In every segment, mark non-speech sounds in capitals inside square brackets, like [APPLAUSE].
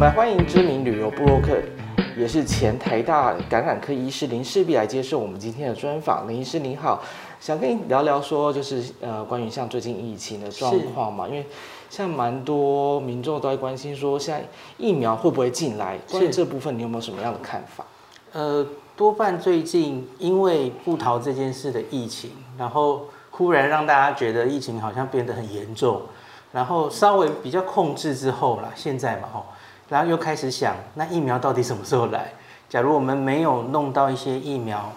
我們歡迎知名旅遊部落客，也是前台大感染科醫師林氏璧來接受我們今天的專訪。林醫師您好，想跟你聊聊說，就是呃，關於像最近疫情的狀況嘛，是因為像蠻多民眾都在關心說，現在疫苗會不會進來？所以這部分，是你有沒有什麼樣的看法？呃，多半最近因為部桃這件事的疫情，然後忽然讓大家覺得疫情好像變得很嚴重，然後稍微比較控制之後啦，現在嘛，然後又開始想，那疫苗到底什麼時候來？假如我們沒有弄到一些疫苗，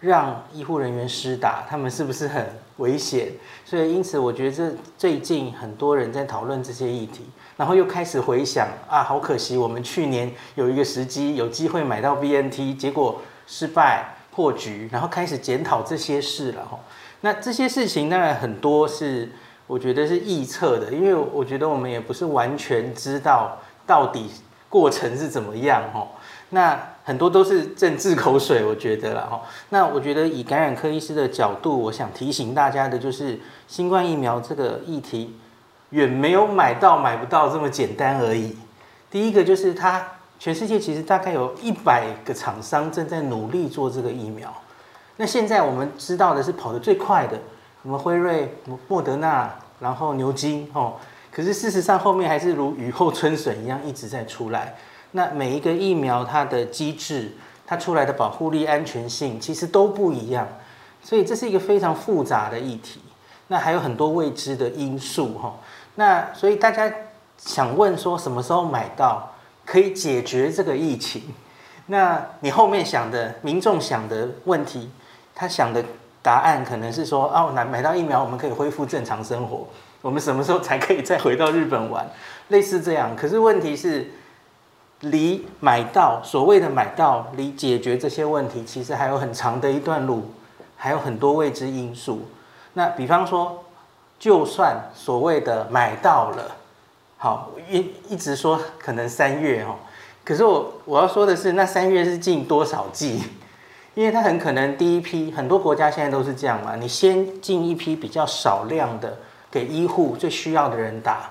讓醫護人員施打，他們是不是很危險？所以，因此我覺得這最近很多人在討論這些議題，然後又開始回想啊，好可惜，我們去年有一個時機，有機會買到 BNT，結果失敗破局，然後開始檢討這些事了。那這些事情當然很多是我覺得是臆測的，因為我覺得我們也不是完全知道。到底過程是怎麼樣？哦，那很多都是政治口水，我覺得啦吼。那我覺得以感染科醫師的角度，我想提醒大家的，就是新冠疫苗這個議題，遠沒有買到買不到這麼簡單而已。第一個就是，它全世界其實大概有一百個廠商正在努力做這個疫苗。那現在我們知道的是，跑得最快的，什麼輝瑞、莫德納，然後牛津，哦。可是事實上，後面還是如雨後春筍一樣一直在出來。那每一個疫苗，它的機制，它出來的保護力、安全性，其實都不一樣。所以這是一個非常複雜的議題。那還有很多未知的因素哈。那所以大家想問說，什麼時候買到可以解決這個疫情？那你後面想的民眾想的問題，他想的答案可能是說：哦，買買到疫苗，我們可以恢復正常生活。我們什麼時候才可以再回到日本玩？類似這樣，可是問題是，離買到所謂的買到，離解決這些問題，其實還有很長的一段路，還有很多未知因素。那比方說，就算所謂的買到了，好，一一直說可能三月哦，可是我我要說的是，那三月是進多少劑？因為它很可能第一批很多國家現在都是這樣嘛，你先進一批比較少量的。給醫護最需要的人打，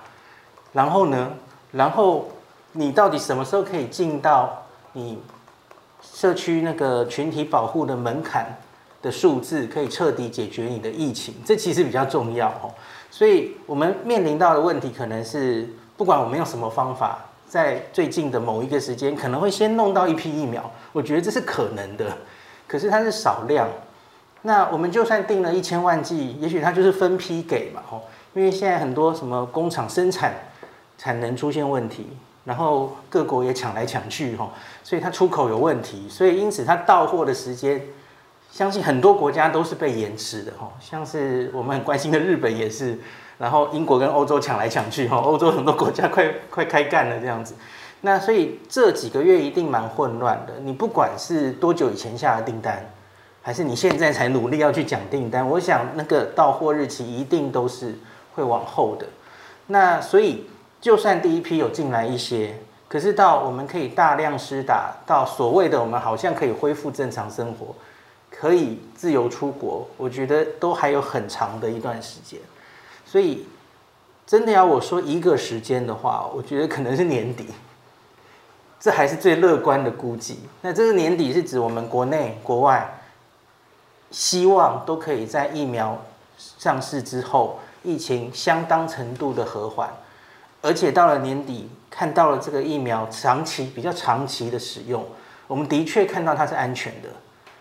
然後呢，然後你到底什麼時候可以進到你社區那個群體保護的門檻的數字，可以徹底解決你的疫情？這其實比較重要哦。所以我們面臨到的問題可能是，不管我們用什麼方法，在最近的某一個時間，可能會先弄到一批疫苗，我覺得這是可能的，可是它是少量。那我們就算訂了一千萬劑，也許它就是分批給嘛，吼，因為現在很多什麼工廠生產產能出現問題，然後各國也搶來搶去，吼，所以它出口有問題，所以因此它到貨的時間，相信很多國家都是被延遲的，吼，像是我們很關心的日本也是，然後英國跟歐洲搶來搶去，吼，歐洲很多國家快快開幹了這樣子，那所以這幾個月一定蠻混亂的，你不管是多久以前下的訂單。還是你現在才努力要去講訂單，我想那個到貨日期一定都是會往後的。那所以就算第一批有進來一些，可是到我們可以大量施打，到所謂的我們好像可以恢復正常生活，可以自由出國，我覺得都還有很長的一段時間。所以真的要我說一個時間的話，我覺得可能是年底，這還是最樂觀的估計。那這個年底是指我們國內、國外。希望都可以在疫苗上市之後，疫情相當程度的和緩，而且到了年底看到了這個疫苗長期比較長期的使用，我們的確看到它是安全的，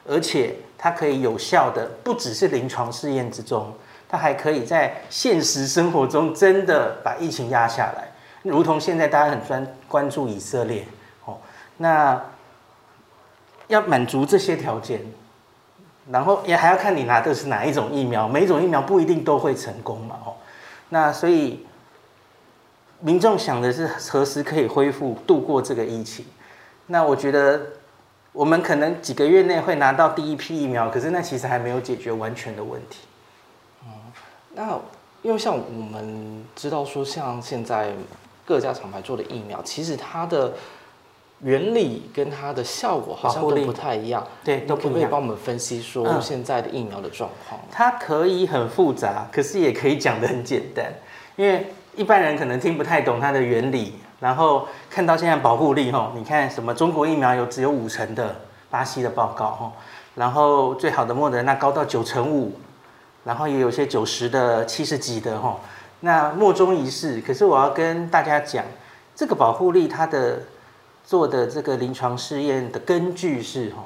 而且它可以有效的，不只是臨床試驗之中，它還可以在現實生活中真的把疫情壓下來，如同現在大家很專關注以色列，哦，那要滿足這些條件。然後也還要看你拿的是哪一種疫苗，每一種疫苗不一定都會成功嘛，哦，那所以民眾想的是何時可以恢復、度過這個疫情。那我覺得我們可能幾個月內會拿到第一批疫苗，可是那其實還沒有解決完全的問題。嗯，那因為像我們知道說，像現在各家廠牌做的疫苗，其實它的。原理跟它的效果好像都不太一樣，對，都不會幫我們分析說現在的疫苗的狀況。它可以很複雜，可是也可以講的很簡單，因為一般人可能聽不太懂它的原理。然後看到現在保護力哦，你看什麼中國疫苗有只有五成的，巴西的報告哦，然後最好的莫德納高到九成五，然後也有些九十的、七十幾的哦，那莫衷一是。可是我要跟大家講，這個保護力它的。做的這個臨床試驗的根據，是哈，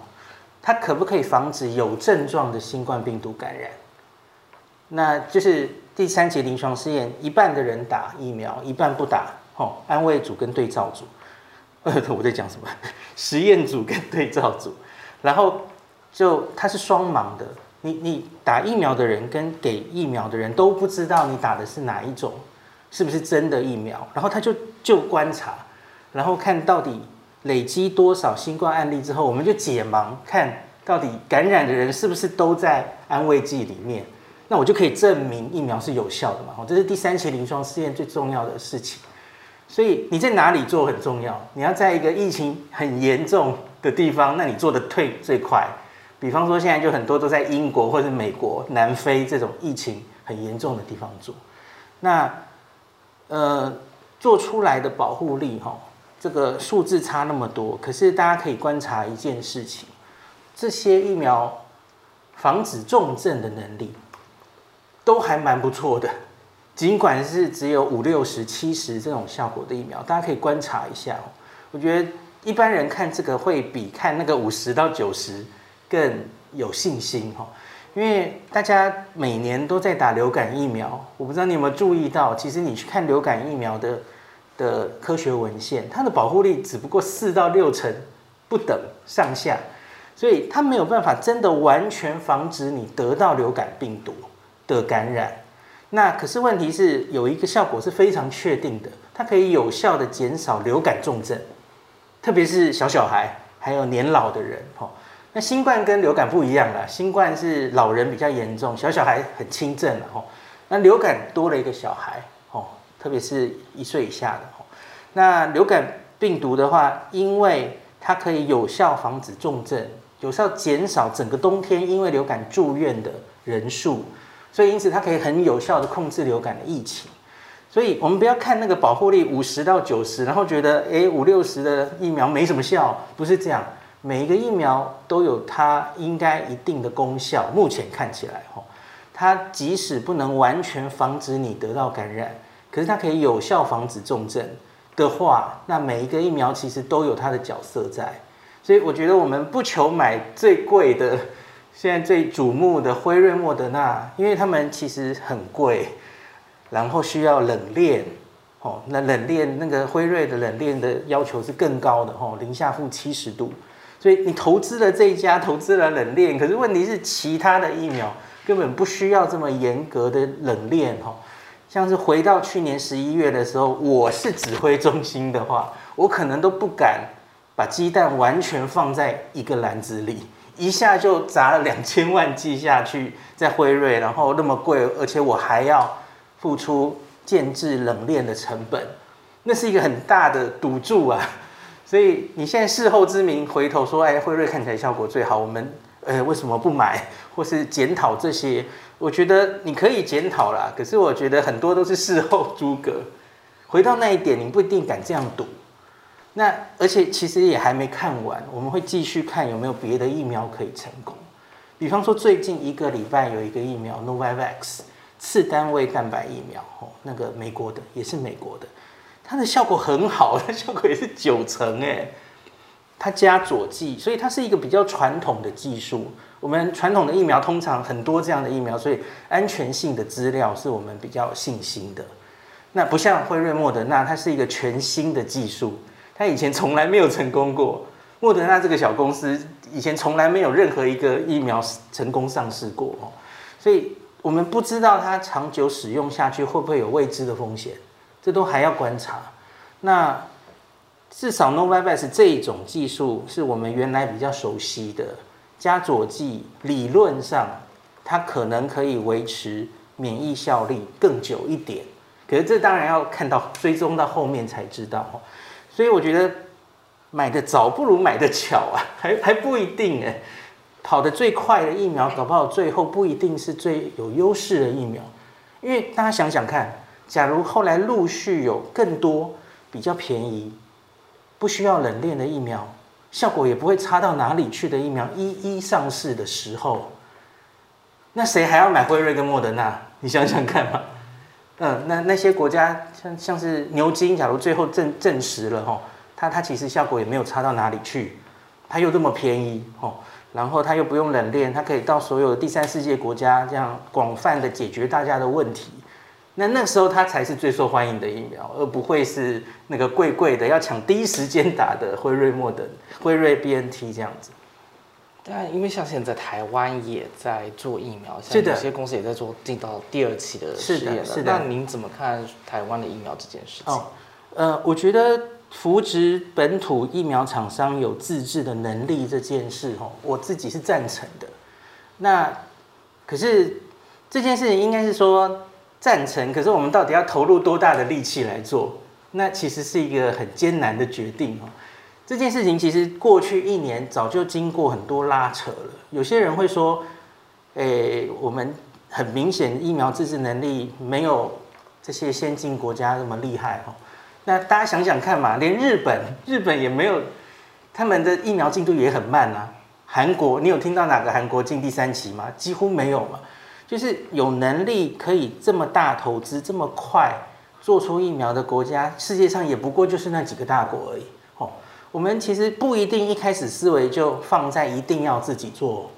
它可不可以防止有症狀的新冠病毒感染？那就是第三期臨床試驗，一半的人打疫苗，一半不打，哈、哦，安慰組跟對照組。呃，我在講什麼？實驗組跟對照組，然後就它是雙盲的，你你打疫苗的人跟給疫苗的人都不知道你打的是哪一種，是不是真的疫苗？然後他就就觀察。然後看到底累積多少新冠案例之後，我們就解盲，看到底感染的人是不是都在安慰劑裡面，那我就可以證明疫苗是有效的嘛？這是第三期臨床試驗最重要的事情。所以你在哪裡做很重要，你要在一個疫情很嚴重的地方，那你做的退最快。比方說現在就很多都在英國或者美國、南非這種疫情很嚴重的地方做，那呃做出來的保護力哈。這個數字差那麼多，可是大家可以觀察一件事情，這些疫苗防止重症的能力都還蠻不錯的，儘管是只有五六十、七十這種效果的疫苗，大家可以觀察一下。我覺得一般人看這個會比看那個五十到九十更有信心哈，因為大家每年都在打流感疫苗，我不知道你有沒有注意到，其實你去看流感疫苗的。的科學文獻，它的保護力只不過四到六成不等上下，所以它沒有辦法真的完全防止你得到流感病毒的感染。那可是問題是有一個效果是非常確定的，它可以有效的減少流感重症，特別是小小孩還有年老的人。吼，那新冠跟流感不一樣啦，新冠是老人比較嚴重，小小孩很輕症了吼，那流感多了一個小孩。特別是一歲以下的吼，那流感病毒的話，因為它可以有效防止重症，有效減少整個冬天因為流感住院的人數，所以因此它可以很有效的控制流感的疫情。所以我們不要看那個保護力五十到九十，然後覺得哎五六十的疫苗沒什麼效，不是這樣，每一個疫苗都有它應該一定的功效。目前看起來吼，它即使不能完全防止你得到感染，可是它可以有效防止重症的話，那每一個疫苗其實都有它的角色在，所以我覺得我們不求買最貴的，現在最矚目的輝瑞、莫德納，因為他們其實很貴，然後需要冷鏈，哦，那冷鏈那個輝瑞的冷鏈的要求是更高的哦，零下負七十度，所以你投資了這一家，投資了冷鏈，可是問題是其他的疫苗根本不需要這麼嚴格的冷鏈哦。像是回到去年十一月的時候，我是指揮中心的話，我可能都不敢把雞蛋完全放在一個籃子裡，一下就砸了兩千萬劑下去在輝瑞，然後那麼貴，而且我還要付出建制冷鏈的成本，那是一個很大的賭注啊。所以你現在事後之明，回頭說，哎，輝瑞看起來效果最好，我們。哎，為什麼不買？或是檢討這些？我覺得你可以檢討啦。可是我覺得很多都是事後諸葛。回到那一點，你不一定敢這樣賭。那而且其實也還沒看完，我們會繼續看有沒有別的疫苗可以成功。比方說，最近一個禮拜有一個疫苗 Novavax 次單位蛋白疫苗，哦，那個美國的，也是美國的，它的效果很好，它效果也是九成欸。它加佐劑，所以它是一個比較傳統的技術。我們傳統的疫苗通常很多這樣的疫苗，所以安全性的資料是我們比較有信心的。那不像輝瑞、莫德納，它是一個全新的技術，它以前從來沒有成功過。莫德納這個小公司以前從來沒有任何一個疫苗成功上市過哦，所以我們不知道它長久使用下去會不會有未知的風險，這都還要觀察。那。至少 Novavax 這一種技術是我們原來比較熟悉的，加佐劑理論上它可能可以維持免疫效力更久一點，可是這當然要看到追蹤到後面才知道。所以我覺得買得早不如買得巧啊，還還不一定，欸，跑得最快的疫苗搞不好最後不一定是最有優勢的疫苗，因為大家想想看，假如後來陸續有更多比較便宜。不需要冷鏈的疫苗，效果也不會差到哪裡去的疫苗一一上市的時候，那誰還要買輝瑞跟莫德納？你想想看嘛，嗯，那那些國家像像是牛津，假如最後證證實了吼，它它其實效果也沒有差到哪裡去，它又這麼便宜哦，然後它又不用冷鏈，它可以到所有的第三世界國家這樣廣泛的解決大家的問題。那那個時候它才是最受歡迎的疫苗，而不會是那個貴貴的要搶第一時間打的輝瑞莫德輝瑞 B N T 這樣子。但因為像現在台灣也在做疫苗，的像有些公司也在做進到第二期的試驗了。是的是的，那您怎麼看台灣的疫苗這件事情？哦，呃，我覺得扶植本土疫苗廠商有自制的能力這件事，我自己是贊成的。那可是這件事情應該是說。贊成，可是我們到底要投入多大的力氣來做？那其實是一個很艱難的決定哦。這件事情其實過去一年早就經過很多拉扯了。有些人會說：“誒、欸，我們很明顯疫苗自制能力沒有這些先進國家那麼厲害哦。”那大家想想看嘛，連日本，日本也沒有，他們的疫苗進度也很慢啊。韓國，你有聽到哪個韓國進第三期嗎？幾乎沒有嘛。就是有能力可以這麼大投資、這麼快做出疫苗的國家，世界上也不過就是那幾個大國而已。哦，我們其實不一定一開始思維就放在一定要自己做，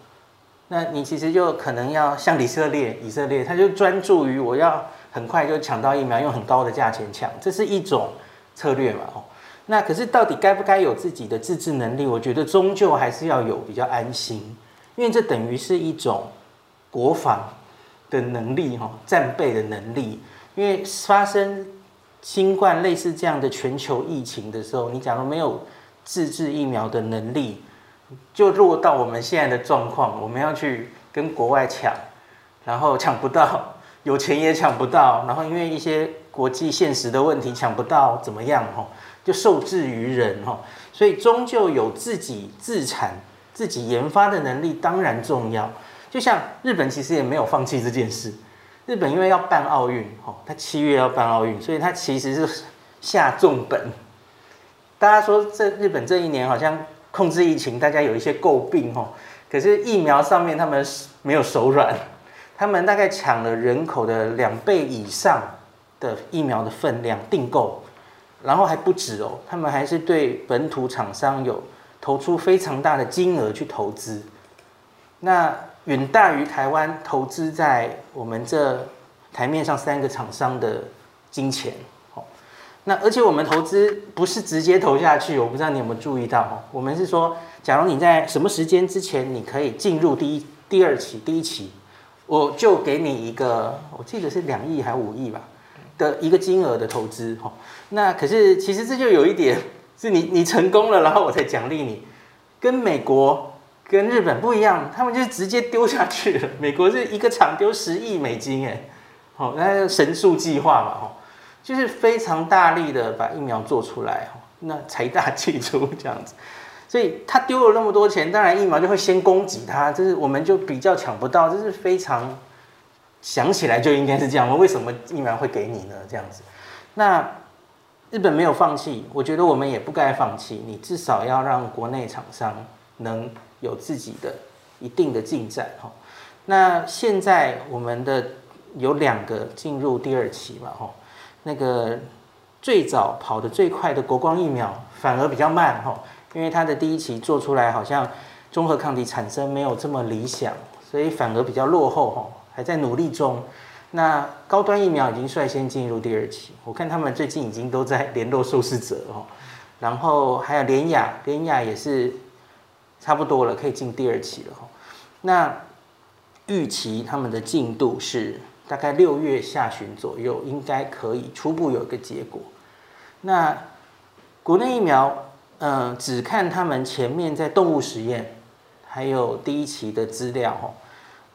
那你其實就可能要像以色列，以色列他就專注於我要很快就搶到疫苗，用很高的價錢搶，這是一種策略嘛。哦，那可是到底該不該有自己的自制能力？我覺得終究還是要有比較安心，因為這等於是一種國防。的能力哈，戰備的能力，因為發生新冠類似這樣的全球疫情的時候，你假如沒有自制疫苗的能力，就落到我們現在的狀況，我們要去跟國外搶，然後搶不到，有錢也搶不到，然後因為一些國際現實的問題搶不到，怎麼樣哈，就受制於人哈，所以終究有自己自產、自己研發的能力，當然重要。就像日本其實也沒有放棄這件事，日本因為要辦奧運，哦，他七月要辦奧運，所以他其實是下重本。大家說在日本這一年好像控制疫情，大家有一些詬病哦，可是疫苗上面他們沒有手軟，他們大概搶了人口的兩倍以上的疫苗的分量訂購，然後還不止哦，他們還是對本土廠商有投出非常大的金額去投資，那。遠大於台灣投資在我們這台面上三個廠商的金錢，好，那而且我們投資不是直接投下去，我不知道你有沒有注意到，我們是說，假如你在什麼時間之前你可以進入第一、第二期、第一期，我就給你一個，我記得是兩億還是五億吧的一個金額的投資，哈，那可是其實這就有一點，是你你成功了，然後我才獎勵你，跟美國。跟日本不一樣，他們就是直接丟下去了。美國是一個廠丟十億美金，哎，好，那神速計劃嘛，吼，就是非常大力的把疫苗做出來，那財大氣粗這樣子，所以他丟了那麼多錢，當然疫苗就會先供給他，就是我們就比較搶不到，就是非常想起來就應該是這樣，為什麼疫苗會給你呢？這樣子，那日本沒有放棄，我覺得我們也不該放棄，你至少要讓國內廠商能，有自己的一定的進展哈，那現在我們的有兩個進入第二期嘛哈，那個最早跑得最快的國光疫苗反而比較慢哈，因為它的第一期做出來好像中和抗體產生沒有這麼理想，所以反而比較落後哈，還在努力中。那高端疫苗已經率先進入第二期，我看他們最近已經都在聯絡受試者哦，然後還有聯亞，聯亞也是。差不多了，可以進第二期了。那預期他們的進度是大概六月下旬左右，應該可以初步有一個結果。那國內疫苗，嗯、呃，只看他們前面在動物實驗還有第一期的資料哈，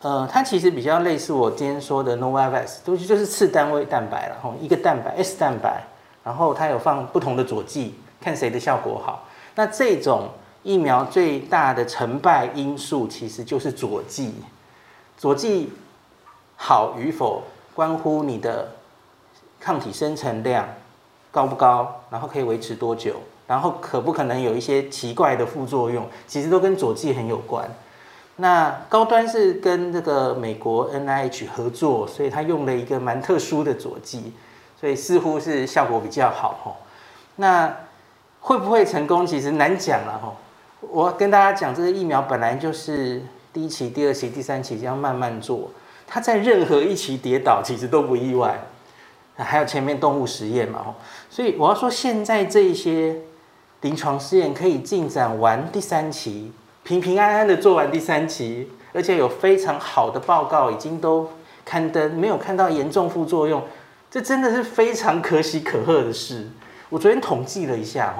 呃，它其實比較類似我今天說的 Novavax，東西就是次單位蛋白了，一個蛋白 S 蛋白，然後它有放不同的佐劑，看誰的效果好。那這種。疫苗最大的成敗因素其實就是佐劑，佐劑好與否，關乎你的抗體生成量高不高，然後可以維持多久，然後可不可能有一些奇怪的副作用，其實都跟佐劑很有關。那高端是跟這個美國 NIH 合作，所以他用了一個蠻特殊的佐劑，所以似乎是效果比較好。那會不會成功，其實難講了。我跟大家講，這個疫苗本來就是第一期、第二期、第三期這樣慢慢做，它在任何一期跌倒，其實都不意外。還有前面動物實驗嘛，所以我要說，現在這一些臨床試驗可以進展完第三期，平平安安的做完第三期，而且有非常好的報告，已經都刊登，沒有看到嚴重副作用，這真的是非常可喜可賀的事。我昨天統計了一下。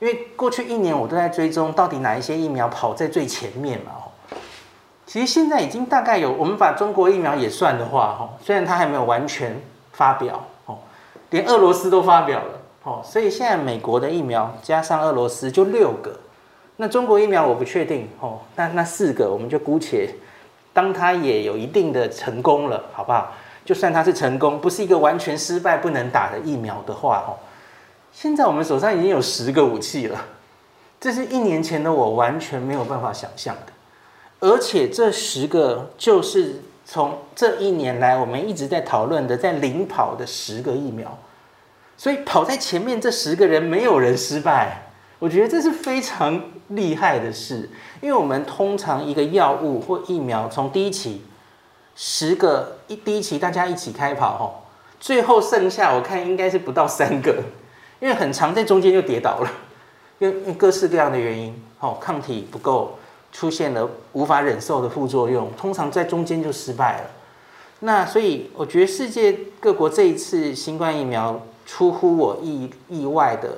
因為過去一年我都在追蹤到底哪一些疫苗跑在最前面嘛，哦，其實現在已經大概有，我們把中國疫苗也算的話，哦，雖然它還沒有完全發表，哦，連俄羅斯都發表了，哦，所以現在美國的疫苗加上俄羅斯就六個，那中國疫苗我不確定，哦，但那四個我們就姑且當它也有一定的成功了，好不好？就算它是成功，不是一個完全失敗不能打的疫苗的話，哦。現在我們手上已經有十個武器了，這是一年前的我完全沒有辦法想象的，而且這十個就是從這一年來我們一直在討論的，在領跑的十個疫苗，所以跑在前面這十個人沒有人失敗，我覺得這是非常厲害的事，因為我們通常一個藥物或疫苗從第一期十個一第一期大家一起開跑哦，最後剩下我看應該是不到三個。因為很常，在中間就跌倒了，因為各式各樣的原因，好，抗體不夠，出現了無法忍受的副作用，通常在中間就失敗了。那所以我覺得世界各國這一次新冠疫苗出乎我意意外的，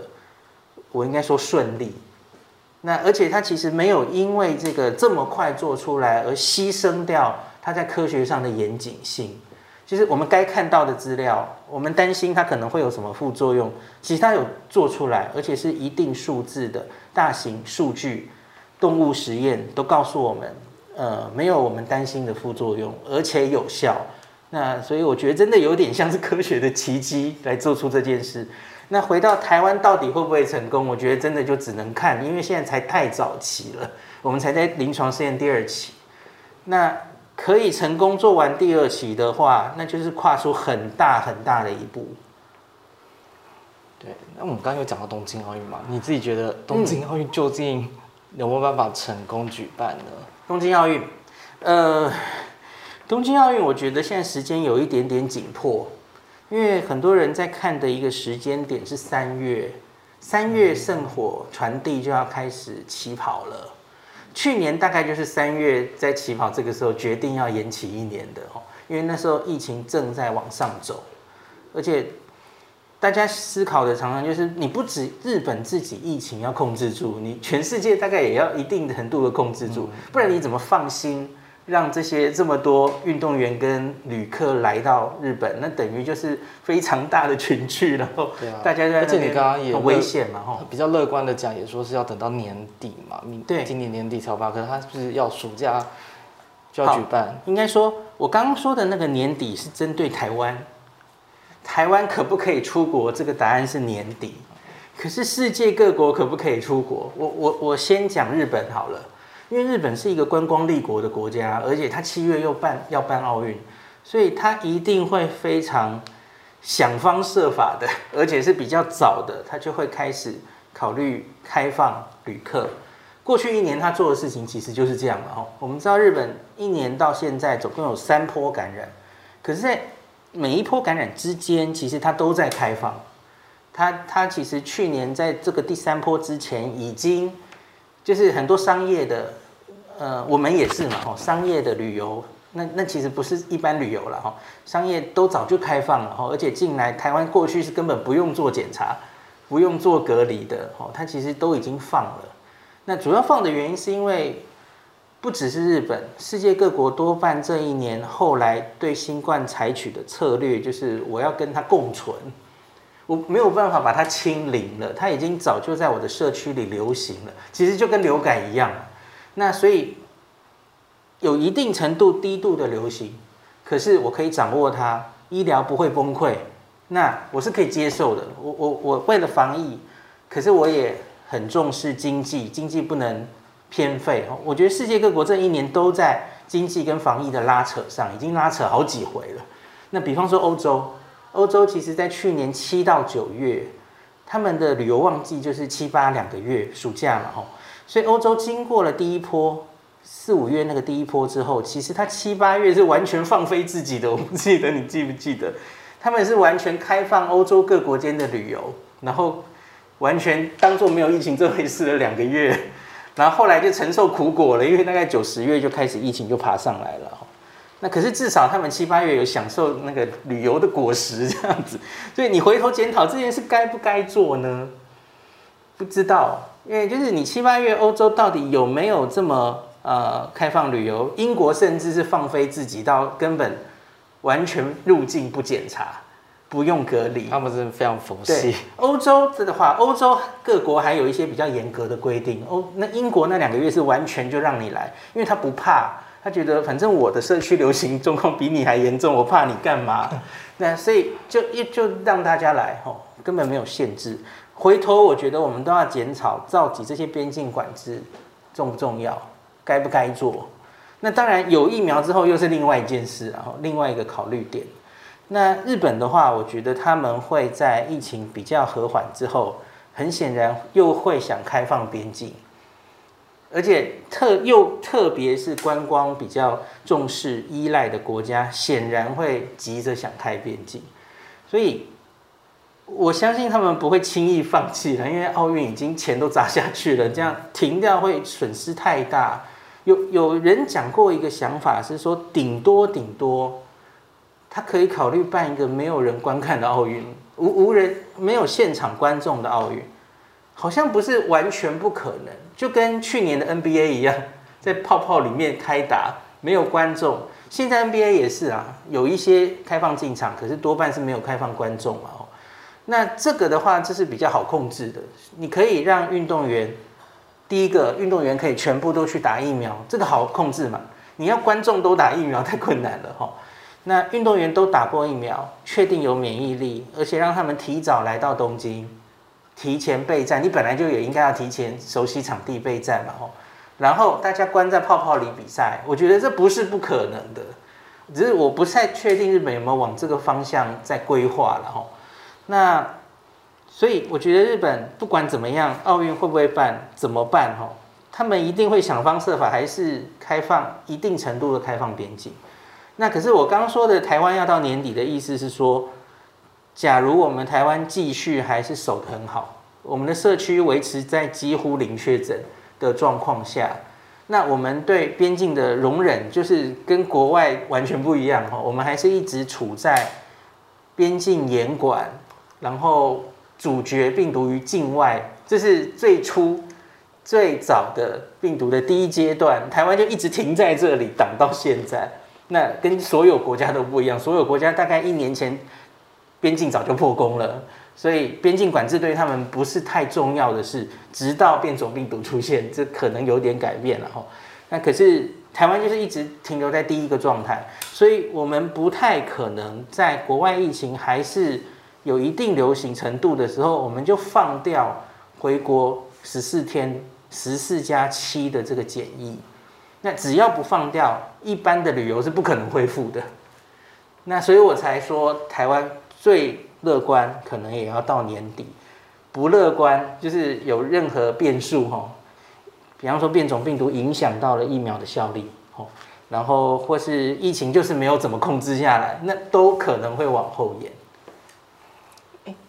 我應該說順利。那而且它其實沒有因為這個這麼快做出來而犧牲掉它在科學上的嚴謹性。其實我們該看到的資料，我們擔心它可能會有什麼副作用。其實它有做出來，而且是一定數字的大型數據，動物實驗都告訴我們，呃，沒有我們擔心的副作用，而且有效。那所以我覺得真的有點像是科學的奇蹟來做出這件事。那回到台灣到底會不會成功？我覺得真的就只能看，因為現在才太早期了，我們才在臨床試驗第二期。那。可以成功做完第二期的話，那就是跨出很大很大的一步。對，那我們剛剛有講到東京奧運嘛，你自己覺得東京奧運究竟有沒有辦法成功舉辦呢？嗯、東京奧運，呃，東京奧運，我覺得現在時間有一點點緊迫，因為很多人在看的一個時間點是三月，三月聖火傳遞就要開始起跑了。去年大概就是三月在起跑這個時候決定要延期一年的哦，因為那時候疫情正在往上走，而且大家思考的常常就是你不止日本自己疫情要控制住，你全世界大概也要一定程度的控制住，不然你怎麼放心？讓這些這麼多運動員跟旅客來到日本，那等於就是非常大的群聚，然後大家在這裡剛剛也很危險嘛。吼、啊，比較樂觀的講，也說是要等到年底嘛，明對今年年底超發。可是他是不是要暑假就要舉辦？應該說，我剛剛說的那個年底是針對台灣。台灣可不可以出國？這個答案是年底。可是世界各國可不可以出國？我我我先講日本好了。因為日本是一個觀光立國的國家，而且他七月又辦要辦奧運，所以他一定會非常想方設法的，而且是比較早的，他就會開始考慮開放旅客。過去一年他做的事情其實就是這樣的。哦，我們知道日本一年到現在總共有三波感染，可是，在每一波感染之間，其實他都在開放。他他其實去年在這個第三波之前，已經就是很多商業的。呃，我們也是嘛，商業的旅遊，那那其實不是一般旅遊了，商業都早就開放了，而且進來台灣過去是根本不用做檢查，不用做隔離的，哈，它其實都已經放了。那主要放的原因是因為，不只是日本，世界各國多半這一年後來對新冠採取的策略就是我要跟它共存，我沒有辦法把它清零了，它已經早就在我的社區裡流行了，其實就跟流感一樣。那所以有一定程度低度的流行，可是我可以掌握它，醫療不會崩潰，那我是可以接受的。我我我為了防疫，可是我也很重視經濟，經濟不能偏廢。我覺得世界各國這一年都在經濟跟防疫的拉扯上，已經拉扯好幾回了。那比方說歐洲，歐洲其實在去年七到九月，他們的旅遊旺季就是七八兩個月，暑假嘛，吼。所以歐洲經過了第一波四五月，那個第一波之後，其實他七八月是完全放飛自己的。我不記得你記不記得，他們是完全開放歐洲各國間的旅遊，然後完全當做沒有疫情這回事了兩個月，然後後來就承受苦果了，因為大概九十月就開始疫情就爬上來了。那可是至少他們七八月有享受那個旅遊的果實這樣子，所以你回頭檢討這件事該不該做呢？不知道。因為就是你七八月歐洲到底有沒有這麼呃開放旅遊？英國甚至是放飛自己到根本完全入境不檢查，不用隔離。他們是非常佛系。對，歐洲這的話，歐洲各國還有一些比較嚴格的規定。歐那英國那兩個月是完全就讓你來，因為他不怕，他覺得反正我的社區流行狀況比你還嚴重，我怕你幹嘛？那所以就一就讓大家來哦，根本沒有限制。回頭我覺得我們都要檢討、召集這些邊境管制重不重要，該不該做？那當然有疫苗之後又是另外一件事，然後另外一個考慮點。那日本的話，我覺得他們會在疫情比較和緩之後，很顯然又會想開放邊境，而且特又特別是觀光比較重視、依賴的國家，顯然會急着想開邊境，所以。我相信他們不會輕易放棄了，因為奧運已經錢都砸下去了，這樣停掉會損失太大。有有人講過一個想法是說，頂多頂多，他可以考慮辦一個沒有人觀看的奧運，無無人沒有現場觀眾的奧運，好像不是完全不可能。就跟去年的 NBA 一樣，在泡泡裡面開打，沒有觀眾。現在 NBA 也是啊，有一些開放進場，可是多半是沒有開放觀眾啊。那這個的話，這是比較好控制的。你可以讓運動員，第一個運動員可以全部都去打疫苗，這個好控制嘛？你要觀眾都打疫苗太困難了吼，那運動員都打過疫苗，確定有免疫力，而且讓他們提早來到東京，提前備戰。你本來就有應該要提前熟悉場地備戰嘛。吼，然後大家關在泡泡裡比賽，我覺得這不是不可能的，只是我不太確定日本有沒有往這個方向在規劃了吼！那所以我覺得日本不管怎麼樣，奧運會不會辦？怎麼辦？哈，他們一定會想方設法，還是開放一定程度的開放邊境。那可是我剛剛說的，台灣要到年底的意思是說，假如我們台灣繼續還是守得很好，我們的社區維持在幾乎零確診的狀況下，那我們對邊境的容忍就是跟國外完全不一樣。哈，我們還是一直處在邊境嚴管。然後阻絕病毒於境外，這是最初最早的病毒的第一階段。台灣就一直停在這裡，擋到現在。那跟所有國家都不一樣，所有國家大概一年前邊境早就破功了，所以邊境管制對他們不是太重要的事。直到變種病毒出現，這可能有點改變了吼，那可是台灣就是一直停留在第一個狀態，所以我們不太可能在國外疫情還是。有一定流行程度的時候，我們就放掉回國十四天、十四加七的這個檢疫。那只要不放掉，一般的旅遊是不可能恢復的。那所以我才說，台灣最樂觀可能也要到年底，不樂觀就是有任何變數吼。比方說變種病毒影響到了疫苗的效力，吼，然後或是疫情就是沒有怎麼控制下來，那都可能會往後延。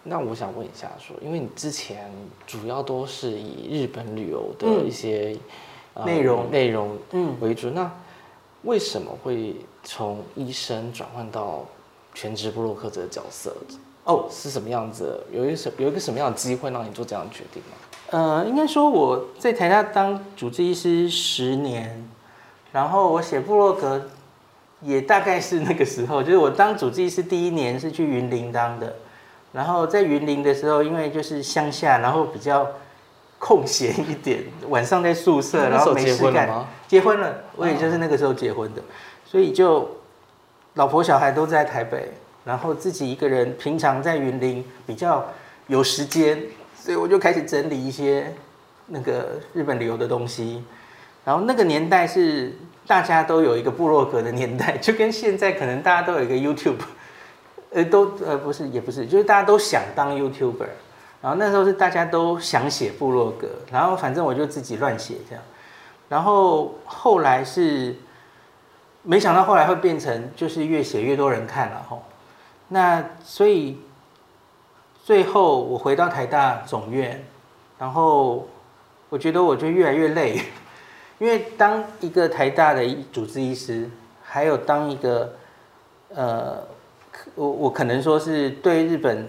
那我想問一下，說，因為你之前主要都是以日本旅遊的一些內、嗯、容內、呃、容為主，嗯、那為什麼會從醫生轉換到全職部落客這個角色？哦，是什麼樣子？有一個什有一個什麼樣的機會讓你做這樣的決定嗎？呃、嗯，應該說，我在台大當主治醫師十年，然後我寫部落格也大概是那個時候，就是我當主治醫師第一年是去雲林當的。然後在雲林的時候，因為就是鄉下，然後比較空閒一點，晚上在宿舍， [LAUGHS] 然後沒事幹，結婚了，我也就是那個時候結婚的，所以就老婆小孩都在台北，然後自己一個人，平常在雲林比較有時間，所以我就開始整理一些那個日本旅遊的東西。然後那個年代是大家都有一個部落格的年代，就跟現在可能大家都有一個 YouTube。呃，都呃不是也不是，就是大家都想當 YouTuber，然後那時候是大家都想寫部落格，然後反正我就自己亂寫這樣，然後後來是沒想到後來會變成就是越寫越多人看了吼，那所以最後我回到台大總院，然後我覺得我就越來越累，因為當一個台大的主治醫師，還有當一個呃。我我可能說是對日本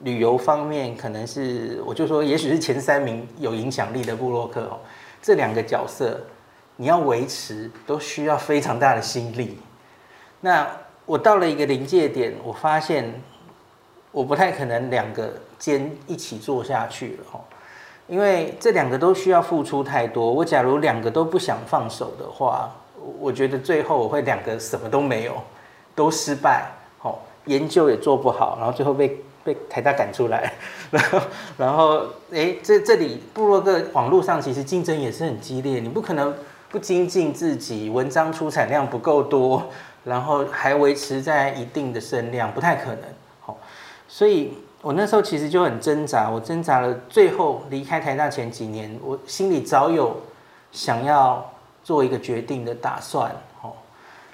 旅遊方面，可能是我就說，也許是前三名有影響力的部落客哦，這兩個角色你要維持都需要非常大的心力。那我到了一個臨界點，我發現我不太可能兩個兼一起做下去了哦，因為這兩個都需要付出太多。我假如兩個都不想放手的話，我覺得最後我會兩個什麼都沒有，都失敗。研究也做不好，然後最後被被台大趕出來，然後然後哎，這這裡部落格網絡上其實競爭也是很激烈，你不可能不精進自己，文章出產量不夠多，然後還維持在一定的聲量，不太可能。好，所以我那時候其實就很掙扎，我掙扎了，最後離開台大前幾年，我心裡早有想要做一個決定的打算。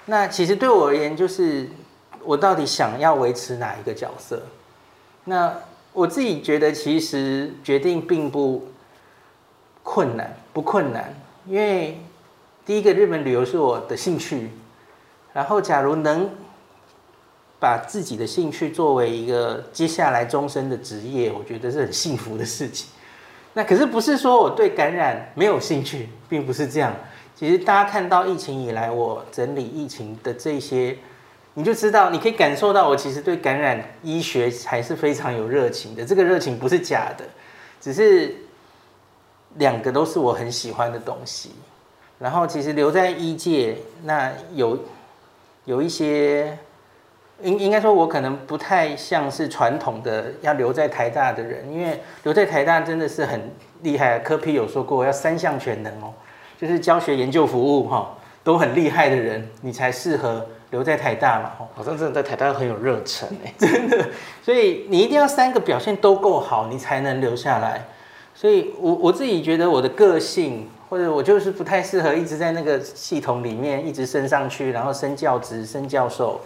那其實對我而言就是。我到底想要維持哪一個角色？那我自己覺得，其實決定並不困難，不困難，因為第一個日本旅遊是我的興趣，然後假如能把自己的興趣作為一個接下來終身的職業，我覺得是很幸福的事情。那可是不是說我對感染沒有興趣，並不是這樣。其實大家看到疫情以來，我整理疫情的這些。你就知道，你可以感受到我其實對感染醫學還是非常有熱情的。這個熱情不是假的，只是兩個都是我很喜歡的東西。然後其實留在醫界，那有有一些應應該說，我可能不太像是傳統的要留在台大的人，因為留在台大真的是很厲害。柯 P 有說過，要三項全能哦，就是教學、研究、服務，哈，都很厲害的人，你才適合。留在台大嘛，好像真的在台大很有熱忱、欸、真的，所以你一定要三個表現都夠好，你才能留下來。所以我我自己覺得我的個性，或者我就是不太適合一直在那個系統裡面一直升上去，然後升教職、升教授，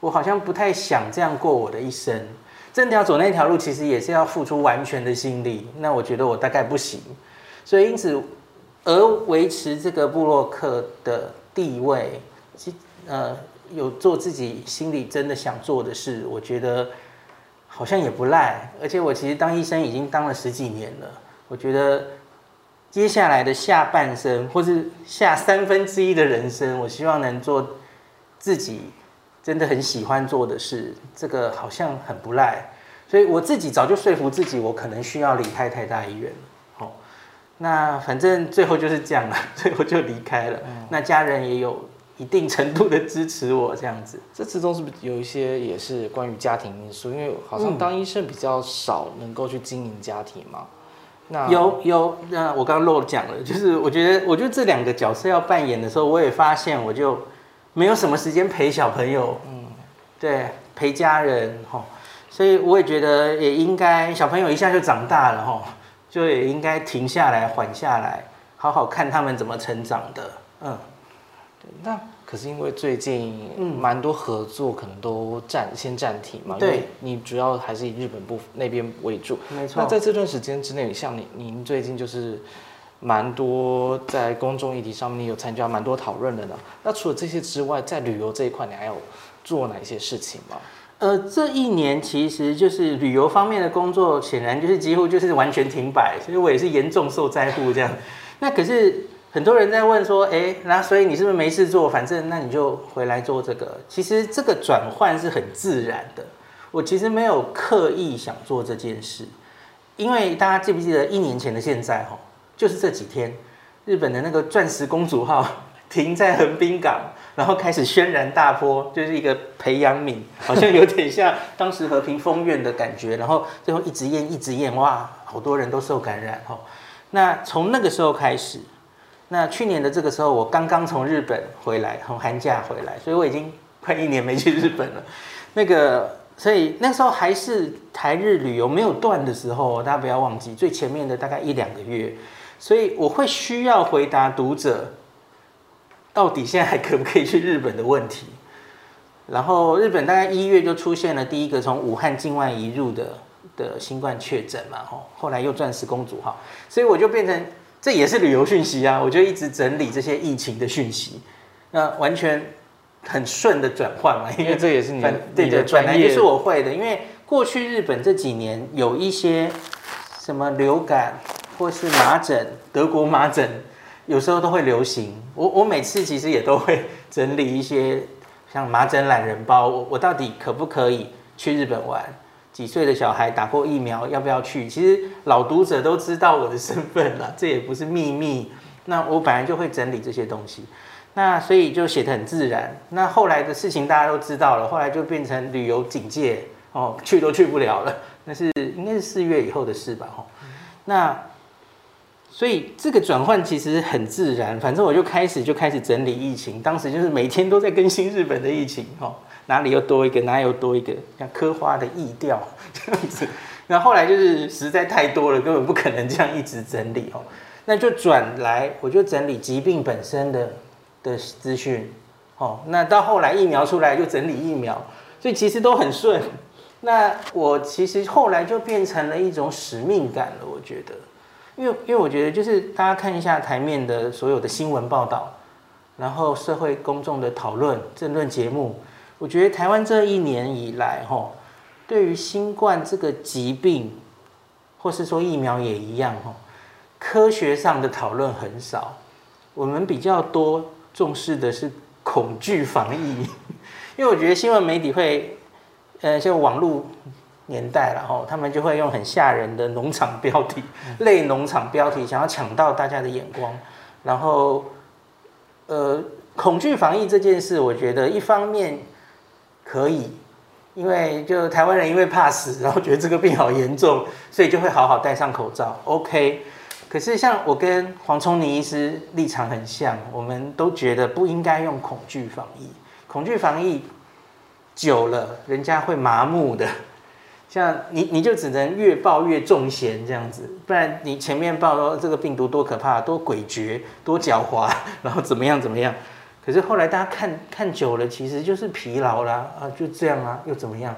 我好像不太想這樣過我的一生。真的要走那條路，其實也是要付出完全的心力，那我覺得我大概不行。所以因此，而維持這個部落客的地位，其呃。有做自己心裡真的想做的事，我覺得好像也不賴。而且我其實當醫生已經當了十幾年了，我覺得接下來的下半生，或是下三分之一的人生，我希望能做自己真的很喜歡做的事，這個好像很不賴。所以我自己早就說服自己，我可能需要離開台大醫院。好、哦，那反正最後就是這樣了，最後就離開了。嗯、那家人也有。一定程度的支持我這樣子，這其中是不是有一些也是關於家庭因素？因為好像當醫生比較少能夠去經營家庭嘛。嗯，那有有，那我剛剛漏講了，就是我覺得，我覺得這兩個角色要扮演的時候，我也發現我就沒有什麼時間陪小朋友。嗯，對，陪家人哦，所以我也覺得也應該，小朋友一下就長大了哦，就也應該停下來，緩下來，好好看他們怎麼成長的。嗯。那可是因為最近，嗯，蠻多合作可能都暫、嗯、先暫停嘛。對，因為你主要還是以日本部那邊為主。沒錯。那在這段時間之內，像你，您最近就是蠻多在公眾議題上面，你有參加蠻多討論的呢。那除了這些之外，在旅遊這一塊，你還有做哪些事情嗎？呃，這一年其實就是旅遊方面的工作，顯然就是幾乎就是完全停擺，所以我也是嚴重受災戶這樣。 [LAUGHS] 那可是。很多人在問說，哎、欸，那所以你是不是沒事做？反正那你就回來做這個。其實這個轉換是很自然的，我其實沒有刻意想做這件事。因為大家記不記得一年前的現在，就是這幾天，日本的那個鑽石公主號停在橫濱港，然後開始軒然大波，就是一個培養皿，好像有點像當時和平封院的感覺。 [LAUGHS] 然後最後一直驗一直驗，哇，好多人都受感染。那從那個時候開始。那去年的這個時候，我剛剛從日本回來，從寒假回來，所以我已經快一年沒去日本了。那個，所以那時候還是台日旅遊沒有斷的時候，大家不要忘記最前面的大概一兩個月，所以我會需要回答讀者到底現在還可不可以去日本的問題。然後日本大概一月就出現了第一個從武漢境外移入的的新冠確診嘛，吼，後來又鑽石公主哈，所以我就變成。這也是旅遊訊息啊！我就一直整理這些疫情的訊息，那完全很順的轉換嘛、啊，因為這也是你，反、對，你的，本來就是我會的。因為過去日本這幾年有一些什麼流感或是麻疹，德國麻疹有時候都會流行。我我每次其實也都會整理一些像麻疹懶人包，我我到底可不可以去日本玩？幾歲的小孩打過疫苗要不要去？其實老讀者都知道我的身份了，這也不是秘密。那我本來就會整理這些東西，那所以就寫得很自然。那後來的事情大家都知道了，後來就變成旅遊警戒哦，去都去不了了。那是應該是四月以後的事吧？那所以這個轉換其實很自然。反正我就開始就開始整理疫情，當時就是每天都在更新日本的疫情，哪裡又多一個？哪裡又多一個？像科花的疫調，這樣子，那後，後來就是實在太多了，根本不可能這樣一直整理哦。那就轉來，我就整理疾病本身的的資訊哦。那到後來疫苗出來，就整理疫苗，所以其實都很順。那我其實後來就變成了一種使命感了，我覺得，因為因為我覺得就是大家看一下台面的所有的新聞報道，然後社會公眾的討論、政論節目。我覺得台灣這一年以來，吼，對於新冠這個疾病，或是說疫苗也一樣，吼，科學上的討論很少。我們比較多重視的是恐懼防疫，因為我覺得新聞媒體會，呃，就網絡年代了，吼，他們就會用很嚇人的農場標題、類農場標題，想要搶到大家的眼光。然後，呃，恐懼防疫這件事，我覺得一方面。可以，因為就台灣人因為怕死，然後覺得這個病好嚴重，所以就會好好戴上口罩。OK，可是像我跟黃瑽寧醫師立場很像，我們都覺得不應該用恐懼防疫，恐懼防疫久了人家會麻木的，像你你就只能越報越重鹹這樣子，不然你前面報到這個病毒多可怕、多詭譎、多狡猾，然後怎麼樣怎麼樣。可是後來大家看看久了，其實就是疲勞啦，啊，就這樣啊，又怎麼樣？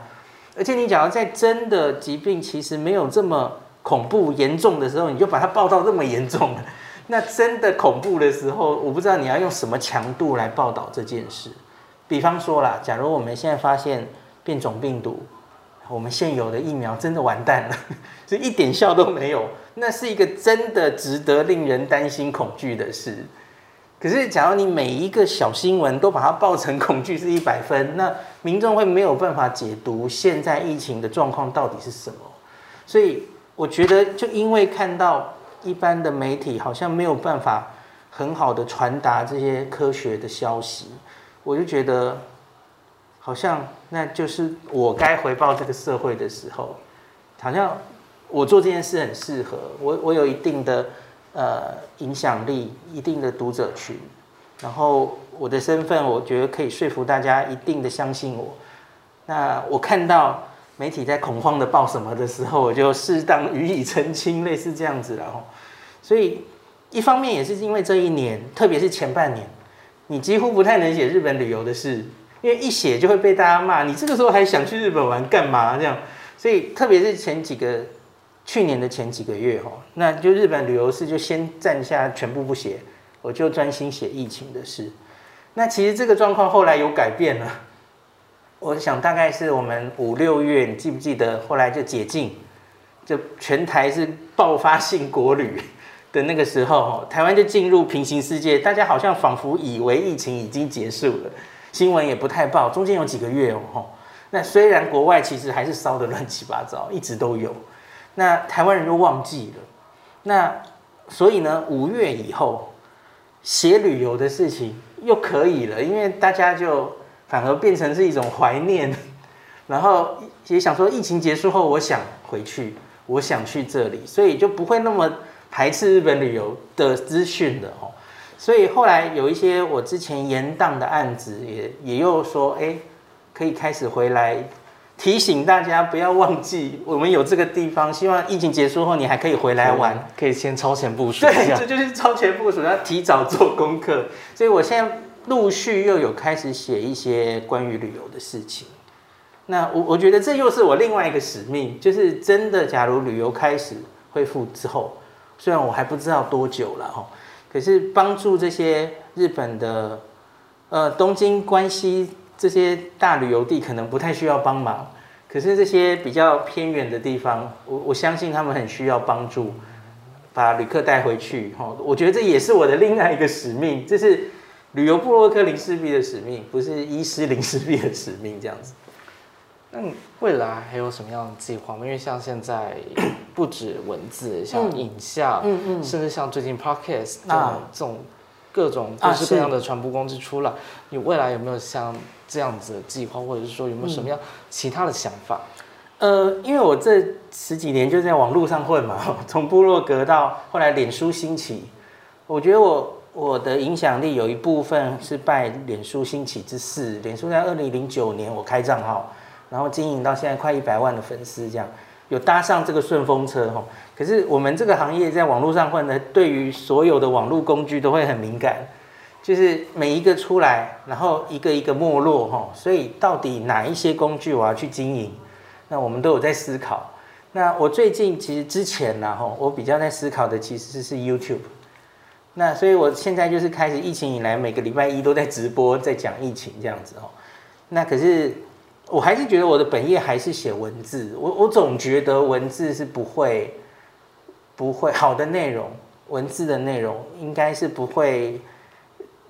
而且你假如在真的疾病其實沒有這麼恐怖嚴重的時候，你就把它報道這麼嚴重了，那真的恐怖的時候，我不知道你要用什麼強度來報道這件事。比方說啦，假如我們現在發現變種病毒，我們現有的疫苗真的完蛋了，所以一點效都沒有，那是一個真的值得令人擔心恐懼的事。可是，假如你每一個小新聞都把它報成恐懼是一百分，那民眾會沒有辦法解讀現在疫情的狀況到底是什麼。所以，我覺得就因為看到一般的媒體好像沒有辦法很好的傳達這些科學的消息，我就覺得好像那就是我該回報這個社會的時候，好像我做這件事很適合，我我有一定的。呃，影響力一定的讀者群，然後我的身份，我覺得可以說服大家一定的相信我。那我看到媒體在恐慌的報什麼的時候，我就適當予以澄清，類似這樣子了。所以一方面也是因為這一年，特別是前半年，你幾乎不太能寫日本旅遊的事，因為一寫就會被大家罵。你這個時候還想去日本玩幹嘛？這樣，所以特別是前幾個。去年的前幾個月，吼，那就日本旅遊是就先暫下全部不寫，我就專心寫疫情的事。那其實這個狀況後來有改變了，我想大概是我們五六月，你記不記得？後來就解禁，就全台是爆發性國旅的那個時候，台灣就進入平行世界，大家好像仿佛以為疫情已經結束了，新聞也不太報，中間有幾個月，吼，那雖然國外其實還是燒得亂七八糟，一直都有。那台灣人又忘記了，那所以呢，五月以後寫旅遊的事情又可以了，因為大家就反而變成是一種懷念，然後也想說疫情結束後，我想回去，我想去這裡，所以就不會那麼排斥日本旅遊的資訊了哦。所以後來有一些我之前延宕的案子也，也也又說，哎、欸，可以開始回來。提醒大家不要忘記，我們有這個地方。希望疫情結束後，你還可以回來玩，可以先超前部署。對，這就是超前部署，要提早做功課。所以我現在陸續又有開始寫一些關於旅遊的事情。那我我覺得這又是我另外一個使命，就是真的，假如旅遊開始恢復之後，雖然我還不知道多久了哈，可是幫助這些日本的，呃，東京、關西。這些大旅遊地可能不太需要幫忙，可是這些比較偏遠的地方，我我相信他們很需要幫助，把旅客帶回去。我覺得這也是我的另外一個使命，這是旅遊部落客林氏璧的使命，不是醫師林氏璧的使命。這樣子，那、嗯、未來還有什麼樣的計劃？因為像現在不止文字，像影像，嗯嗯嗯、甚至像最近 Podcast 這這種。啊各種各式各樣的傳播工具出了，啊、你未來有沒有像這樣子的計劃，或者是說有沒有什麼樣其他的想法？嗯、呃，因為我這十幾年就在網路上混嘛，從部落格到後來臉書興起，我覺得我我的影響力有一部分是拜臉書興起之賜。臉書在二零零九年我開賬號，然後經營到現在快一百萬的粉絲這樣。有搭上這個順風車、哦、可是我們這個行業在網絡上混的，對於所有的網絡工具都會很敏感，就是每一個出來，然後一個一個沒落、哦、所以到底哪一些工具我要去經營，那我們都有在思考。那我最近其實之前呢、啊、我比較在思考的其實是 YouTube，那所以我現在就是開始疫情以來，每個禮拜一都在直播，在講疫情這樣子、哦、那可是。我還是覺得我的本業還是寫文字，我我總覺得文字是不會不會好的內容，文字的內容應該是不會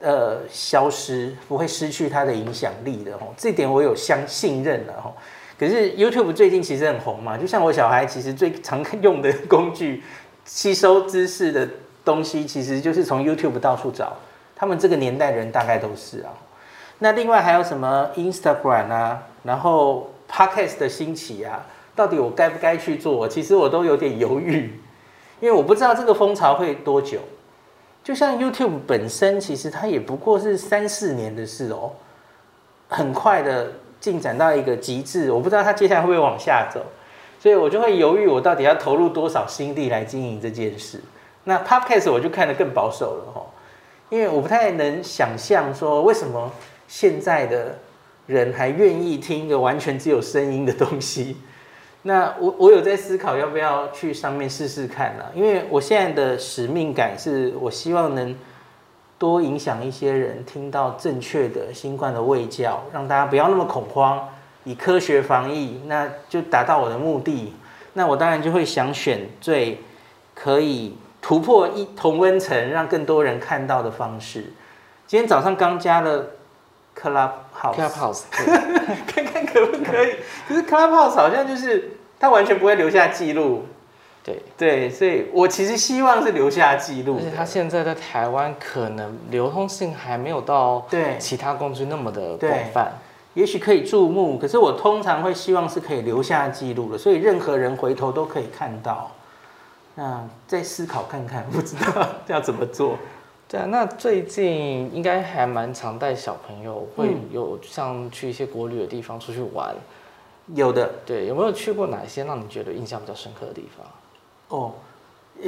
呃消失，不會失去它的影響力的哦，這點我有相信任了。哦，可是 YouTube 最近其實很紅嘛，就像我小孩其實最常用的工具，吸收知識的東西，其實就是從 YouTube 到處找。他們這個年代的人大概都是啊。那另外還有什麼 Instagram 啊，然後 Podcast 的興起啊，到底我該不該去做？其實我都有點猶豫，因為我不知道這個風潮會多久。就像 YouTube 本身，其實它也不過是三四年的事哦，很快的進展到一個極致。我不知道它接下來會不會往下走，所以我就會猶豫，我到底要投入多少心力來經營這件事。那 Podcast 我就看得更保守了哦，因為我不太能想象說為什麼。現在的人還願意聽一個完全只有聲音的東西？那我我有在思考要不要去上面試試看呢、啊？因為我現在的使命感是我希望能多影響一些人聽到正確的新冠的衛教，讓大家不要那麼恐慌，以科學防疫，那就達到我的目的。那我當然就會想選最可以突破一同溫層，讓更多人看到的方式。今天早上剛加了。Clubhouse，Clubhouse [LAUGHS] 看看可不可以？ [LAUGHS] 可是 Clubhouse 好像就是它完全不會留下記錄。對對，所以我其實希望是留下記錄。而且它現在在台灣可能流通性還沒有到對其他工具那麼的廣泛，也許可以注目。可是我通常會希望是可以留下記錄的，所以任何人回頭都可以看到。那再思考看看，不知道要怎麼做。對啊，那最近應該還蠻常帶小朋友，會有像去一些國旅的地方出去玩，嗯、有的。對，有沒有去過哪一些讓你覺得印象比較深刻的地方？哦，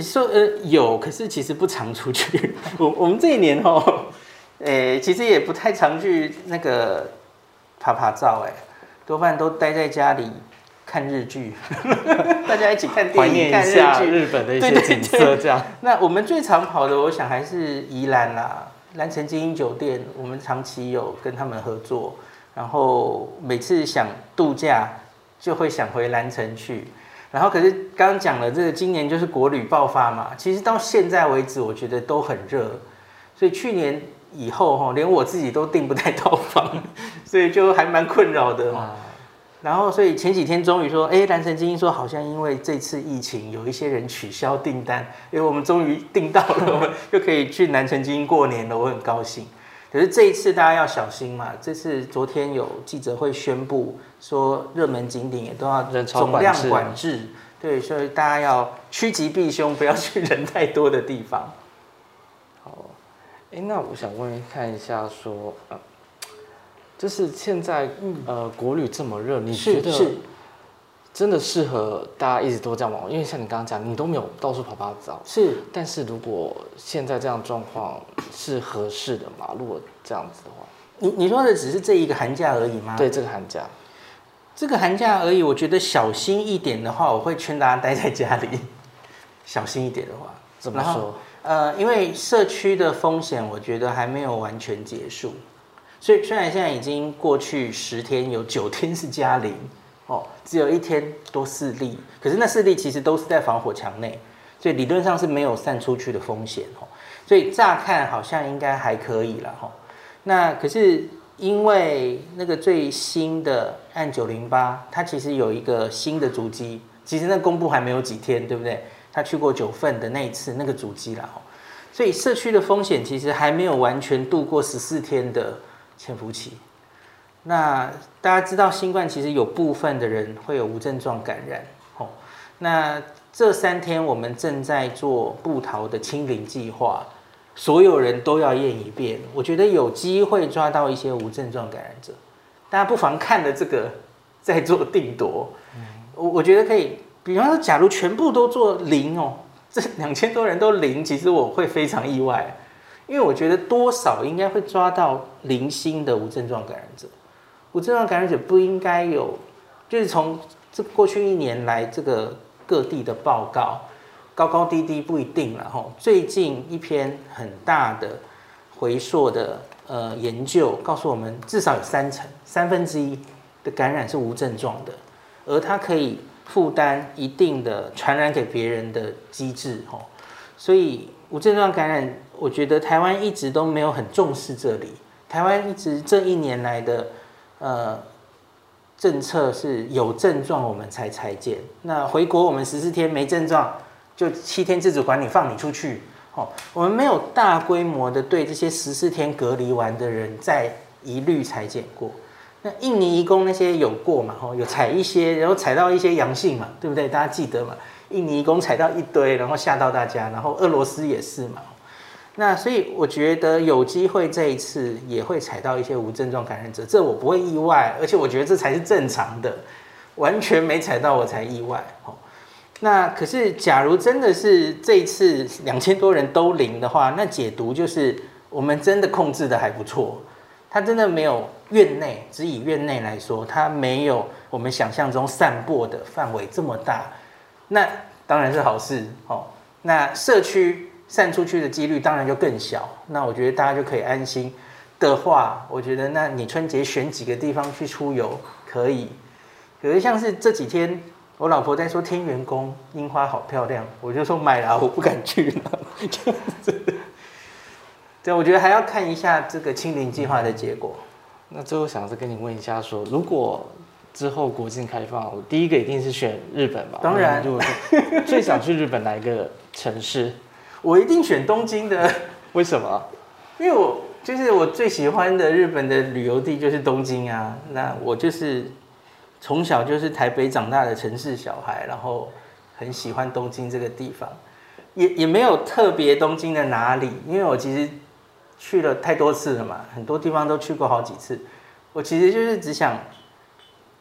說呃有，可是其實不常出去。 [LAUGHS] 我我們這一年哦，哎，其實也不太常去那個爬爬照哎，多半都待在家裡。看日劇， [LAUGHS] 大家一起看電影，看日劇， [LAUGHS] 日本的一些景色這樣。那我們最常跑的，我想還是宜蘭啦，蘭城精英酒店，我們長期有跟他們合作。然後每次想度假，就會想回蘭城去。然後可是剛剛講了，這個今年就是國旅爆發嘛，其實到現在為止，我覺得都很熱。所以去年以後連我自己都訂不太到房，所以就還蠻困擾的然後，所以前幾天終於說，誒南城精英說，好像因為這次疫情，有一些人取消訂單，因為我們終於訂到了，我們就可以去南城精英過年了，我很高興。可是這一次大家要小心嘛，這次昨天有記者會宣布說，熱門景點也都要總量管制，人潮管制對，所以大家要趨吉避凶，不要去人太多的地方。好，誒，那我想問看一下說，就是現在，呃，國旅這麼熱，你覺得是是，真的適合大家一直都這樣玩，因為像你剛剛講，你都沒有到處跑跑糟。是，但是如果現在這樣狀況是合適的嗎？如果這樣子的話，你你說的只是這一個寒假而已嗎？對，這個寒假，這個寒假而已。我覺得小心一點的話，我會勸大家待在家裡。小心一點的話，怎麼說？呃，因為社區的風險，我覺得還沒有完全結束。所以雖然現在已經過去十天，有九天是加零哦，只有一天多四例，可是那四例其實都是在防火牆內，所以理論上是沒有散出去的風險哦。所以乍看好像應該還可以了，哦，那可是因為那個最新的案九零八，它其實有一個新的足跡，其實那公布還沒有幾天，對不對？他去過九份的那一次那個足跡了哦，所以社區的風險其實還沒有完全度過十四天的潛伏期，那大家知道新冠其實有部分的人會有無症狀感染哦。那這三天我們正在做部桃的清零計劃，所有人都要驗一遍。我覺得有機會抓到一些無症狀感染者，大家不妨看了這個再做定奪。嗯。我我覺得可以，比方說，假如全部都做零哦，這兩千多人都零，其實我會非常意外。因為我覺得多少應該會抓到零星的無症狀感染者，無症狀感染者不應該有，就是從這過去一年來這個各地的報告，高高低低不一定了。最近一篇很大的回溯的、呃、研究告訴我們，至少有三成三分之一的感染是無症狀的，而它可以負擔一定的傳染給別人的機制，所以無症狀感染。我覺得台灣一直都沒有很重視這裡。台灣一直這一年來的，呃，政策是有症狀我們才採檢。那回國我們十四天沒症狀，就七天自主管理放你出去。哦，我們沒有大規模的對這些十四天隔離完的人再一律採檢過。那印尼移工那些有過嘛？哦，有採一些，然後採到一些陽性嘛，對不對？大家記得嘛？印尼移工採到一堆，然後嚇到大家，然後俄羅斯也是嘛。那所以我覺得有機會這一次也會踩到一些無症狀感染者，這我不會意外，而且我覺得這才是正常的，完全沒踩到我才意外。哦，那可是假如真的是這一次兩千多人都零的話，那解讀就是我們真的控制的還不錯，它真的沒有院內，只以院內來說，它沒有我們想象中散播的範圍這麼大，那當然是好事。哦，那社區，散出去的幾率當然就更小，那我覺得大家就可以安心。的話，我覺得那你春節選幾個地方去出遊可以。可是像是這幾天，我老婆在說天元宮櫻花好漂亮，我就說買了，我不敢去了。 [LAUGHS] 對，我覺得還要看一下這個清零計劃的結果、嗯。那最後想著跟你問一下說，說如果之後國境開放，我第一個一定是選日本吧？當然，然最想去日本哪一個城市。我一定選東京的，為什麼？因為我就是我最喜歡的日本的旅遊地就是東京啊。那我就是從小就是台北長大的城市小孩，然後很喜歡東京這個地方，也也沒有特別東京的哪裡，因為我其實去了太多次了嘛，很多地方都去過好幾次。我其實就是只想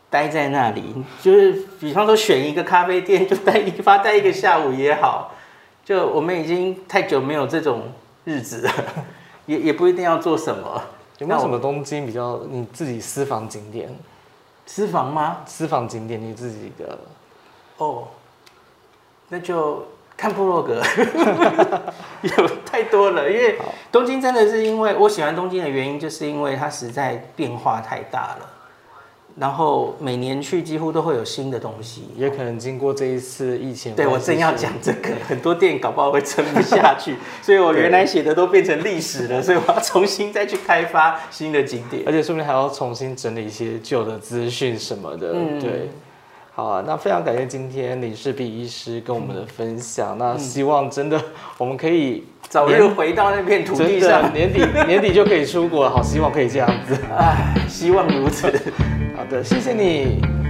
待在那裡，就是比方說選一個咖啡店就待一發呆一個下午也好。就我們已經太久沒有這種日子了，也也不一定要做什麼。有沒有什麼東京比較你自己私房景點？私房嗎？私房景點你自己的？哦，oh, 那就看部落格， [LAUGHS] 有太多了。因為東京真的是，因為我喜歡東京的原因，就是因為它實在變化太大了。然後每年去幾乎都會有新的東西，也可能經過這一次疫情，對，我正要講這個，對很多電影搞不好會撐不下去， [LAUGHS] 所以我原來寫的都變成歷史了，對所以我要重新再去開發新的景點，而且說不定還要重新整理一些舊的資訊什麼的，嗯、對。啊，那非常感謝今天林氏璧醫師跟我們的分享。嗯、那希望真的我們可以早日回到那片土地上，的 [LAUGHS] 年底年底就可以出國了，好希望可以這樣子。哎、啊，希望如此。好的，謝謝你。